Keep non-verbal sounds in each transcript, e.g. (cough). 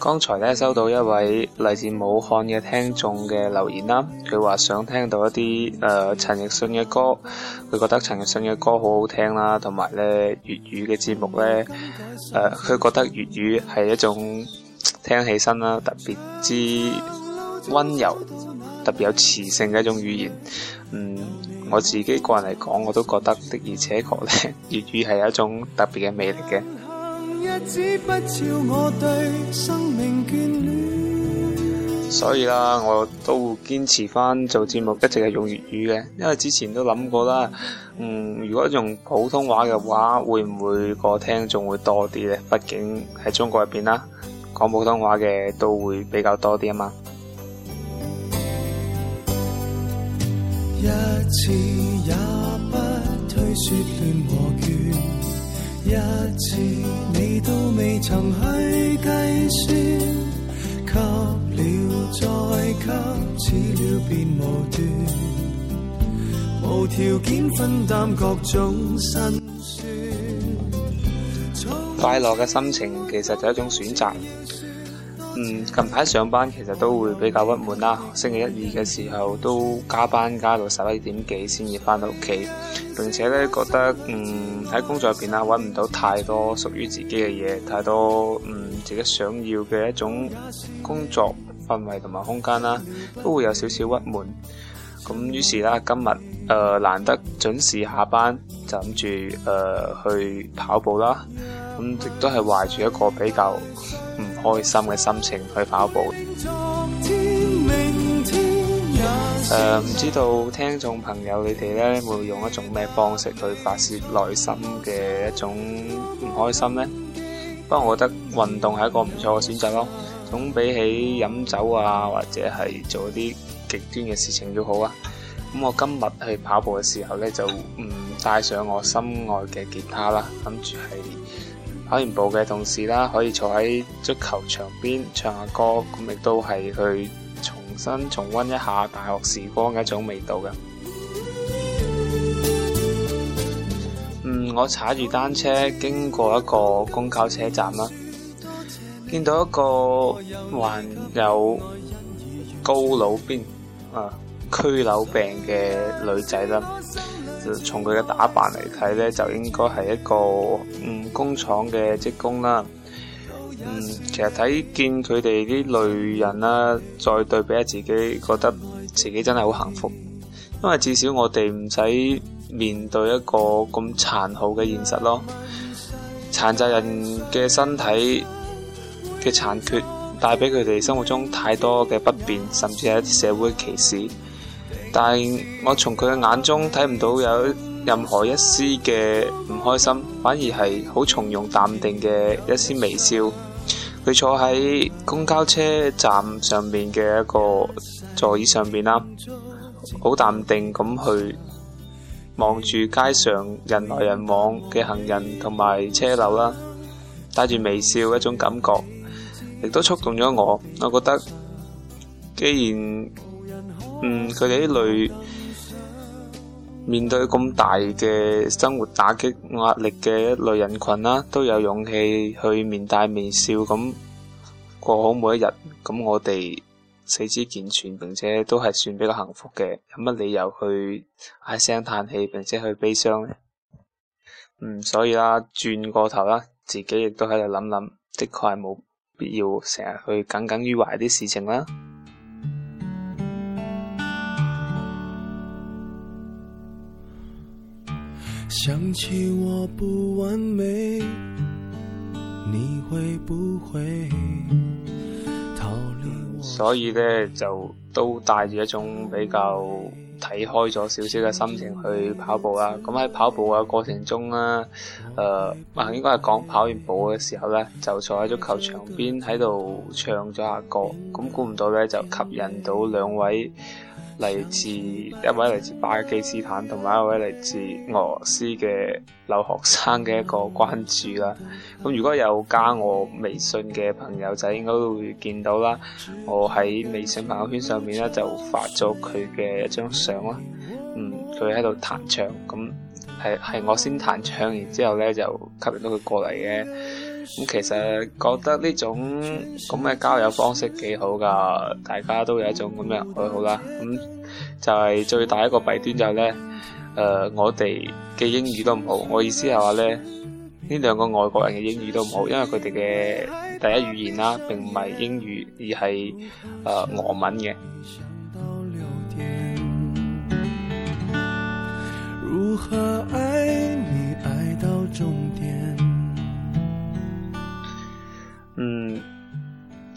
剛才咧收到一位嚟自武漢嘅聽眾嘅留言啦，佢話想聽到一啲誒、呃、陳奕迅嘅歌，佢覺得陳奕迅嘅歌好好聽啦，同埋咧粵語嘅節目咧，誒、呃、佢覺得粵語係一種聽起身啦特別之溫柔，特別有磁性嘅一種語言。嗯，我自己個人嚟講我都覺得的確，而且咧粵語係一種特別嘅魅力嘅。不我生命眷所以啦，我都會堅持翻做節目，一直係用粵語嘅，因為之前都諗過啦。嗯，如果用普通話嘅話，會唔會個聽眾會多啲咧？畢竟喺中國入邊啦，講普通話嘅都會比較多啲啊嘛。一次也不推說亂和倦。一次你都未曾去計算，了了再了便無端無條件分擔各種辛酸。快樂嘅心情其實就一種選擇。嗯，近排上班其實都會比較鬱悶啦。星期一、二嘅時候都加班，加到十一點幾先至翻到屋企。並且咧，覺得嗯喺工作入邊啊，揾唔到太多屬於自己嘅嘢，太多嗯自己想要嘅一種工作氛圍同埋空間啦，都會有少少鬱悶。咁、嗯、於是啦，今日誒、呃、難得準時下班就，就諗住誒去跑步啦。咁、嗯、亦都係懷住一個比較～開心嘅心情去跑步。誒，唔知道聽眾朋友你哋呢會用一種咩方式去發洩內心嘅一種唔開心呢？不過我覺得運動係一個唔錯嘅選擇咯，總比起飲酒啊或者係做啲極端嘅事情要好啊。咁我今日去跑步嘅時候呢就唔帶上我心愛嘅吉他啦，諗住係。跑完步嘅同時啦，可以坐喺足球場邊唱下歌，咁亦都係去重新重溫一下大學時光嘅一種味道嘅。 (music) 嗯，我踩住單車經過一個公交車站啦，見到一個患有高老癲啊、驅腦病嘅女仔啦。從佢嘅打扮嚟睇咧，就應該係一個嗯工廠嘅職工啦。嗯，其實睇見佢哋啲類人啦，再對比下自己，覺得自己真係好幸福，因為至少我哋唔使面對一個咁殘酷嘅現實咯。殘疾人嘅身體嘅殘缺，帶俾佢哋生活中太多嘅不便，甚至係一啲社會歧視。但我從佢嘅眼中睇唔到有任何一絲嘅唔開心，反而係好從容淡定嘅一絲微笑。佢坐喺公交車站上面嘅一個座椅上面啦，好淡定咁去望住街上人來人往嘅行人同埋車流啦，帶住微笑嘅一種感覺，亦都觸動咗我。我覺得既然嗯，佢哋呢類面對咁大嘅生活打擊壓力嘅一類人群啦、啊，都有勇氣去面帶微笑咁過好每一日。咁我哋四肢健全，並且都係算比較幸福嘅，有乜理由去唉聲嘆氣，並且去悲傷呢？嗯，所以啦，轉過頭啦，自己亦都喺度諗諗，的確係冇必要成日去耿耿於懷啲事情啦。我所以咧就都帶住一種比較睇開咗少少嘅心情去跑步啦。咁、嗯、喺跑步嘅過程中咧，誒，啊，應該係講跑完步嘅時候咧，就坐喺足球場邊喺度唱咗下歌。咁估唔到咧，就吸引到兩位。嚟自一位嚟自巴基斯坦同埋一位嚟自俄羅斯嘅留學生嘅一個關注啦。咁如果有加我微信嘅朋友仔，應該都會見到啦。我喺微信朋友圈上面咧，就發咗佢嘅一張相啦。嗯，佢喺度彈唱，咁係係我先彈唱，然之後咧就吸引到佢過嚟嘅。咁其實覺得呢種咁嘅交友方式幾好㗎，大家都有一種咁嘅愛好啦。咁、嗯、就係、是、最大一個弊端就係咧，誒、呃，我哋嘅英語都唔好。我意思係話咧，呢兩個外國人嘅英語都唔好，因為佢哋嘅第一語言啦，並唔係英語，而係誒、呃、俄文嘅。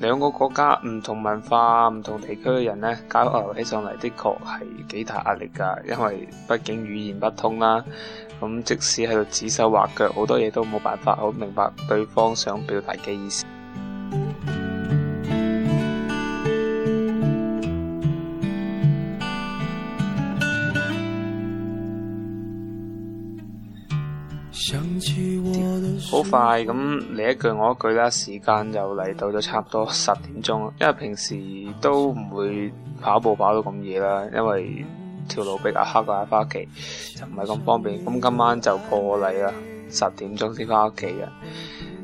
兩個國家唔同文化、唔同地區嘅人呢，交流起上嚟的確係幾大壓力㗎，因為畢竟語言不通啦。咁即使喺度指手畫腳，好多嘢都冇辦法好明白對方想表達嘅意思。好快咁你一句我一句啦，時間又嚟到咗差唔多十點鐘，因為平時都唔會跑步跑到咁夜啦，因為條路比較黑啦，翻屋企就唔係咁方便，咁今晚就破例啦，十點鐘先翻屋企嘅。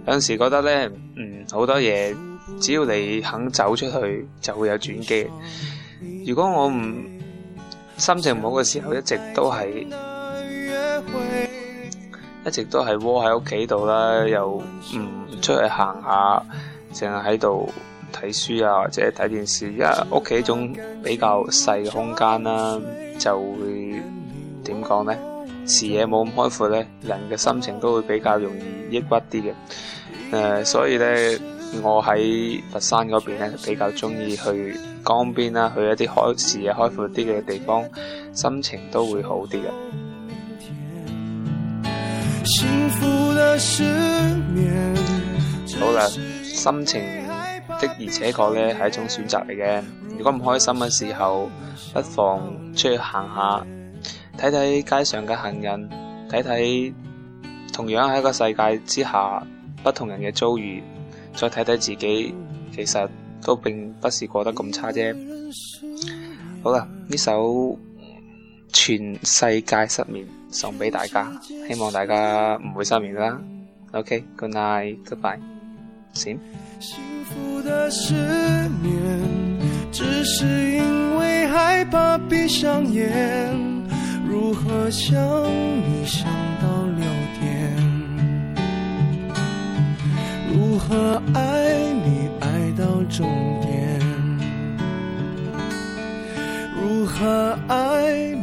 有陣時覺得咧，嗯，好多嘢只要你肯走出去就會有轉機。如果我唔心情唔好嘅時候，一直都係。一直都係窩喺屋企度啦，又唔出去行下，淨係喺度睇書啊或者睇電視，因為屋企一種比較細嘅空間啦，就會點講呢？視野冇咁開闊呢，人嘅心情都會比較容易抑鬱啲嘅。誒、呃，所以呢，我喺佛山嗰邊呢比較中意去江邊啦，去一啲開視野開闊啲嘅地方，心情都會好啲嘅。好啦，心情的而且確咧係一種選擇嚟嘅。如果唔開心嘅時候，不妨出去行下，睇睇街上嘅行人，睇睇同樣喺一個世界之下不同人嘅遭遇，再睇睇自己，其實都並不是過得咁差啫。好啦，呢首。全世界失眠，送畀大家，希望大家唔會失眠啦。OK，good night，goodbye，閃。幸福的失眠只是因為害怕，閉上眼，如何想你想到六點？如何愛你愛到終點？如何愛？